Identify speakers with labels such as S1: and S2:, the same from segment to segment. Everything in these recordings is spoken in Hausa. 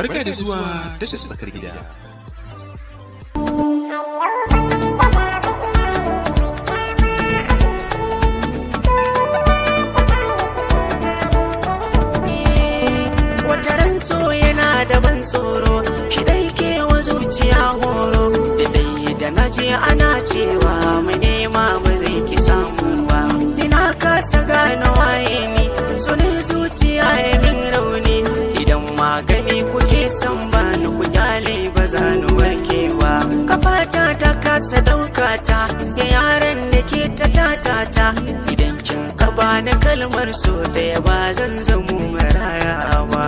S1: Barka da zuwa tashar tsakar gida. Eh, Wataran so yana da ban tsoro, shi dai ke wa zuciya horo, da dai da naje ana cewa mu nema mu zai ki samu ba. Ina kasa gane waye ni, so ne zuciya. zanu warkewa kafata ta kasa daukata ya yaran da ke ta tatata idan kin kaba na kalmar so ya ba zan zamu marayawa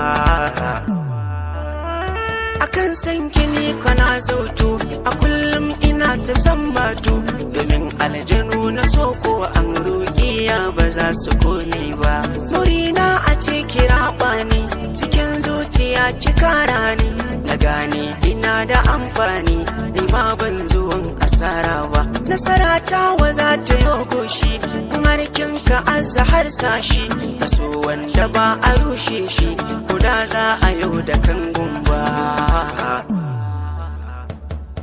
S1: akan san kini kwana zautu, a kullum ina ta san batu domin aljanu na soko an ya ba za su kone ba murina a ce kira bani cikin zuciya ki kara ni na gane na da amfani ni ma ban zuwan asara ba nasara ta wa za ta yi goshi harkin ka azza har sashi kaso wanda ba a rushe shi guda za a yau da kangun ba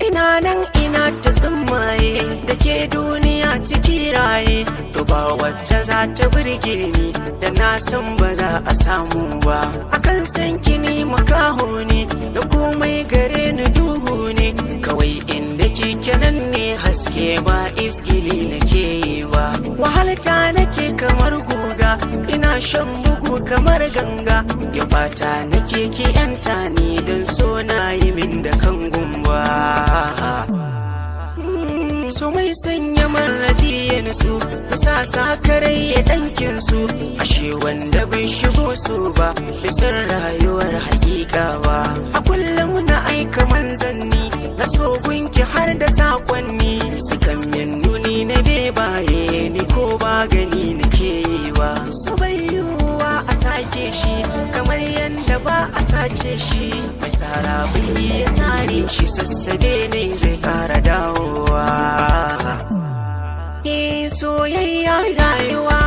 S1: ina nan ina ta tsammaye da ke duniya ciki raye to ba wacce za ta burge ni da na san ba za a samu ba akan san kini makaho ne da komai ba isgili ke yi ba wahalta nake kamar goga ina shan bugu kamar ganga ya bata nake ke yanta ni don so na yi min da kan gumba su mai sanya maraji ya nutsu sa karai ya tsankin su ashe wanda bai shigo su ba bisan rayuwar hakika ba a kullum na aika manzanni na so gunki har da sakonni kamar yadda ba a sace shi mai tsara bai ya sare shi sassabe ne zai kara dawowa soyayya rayuwa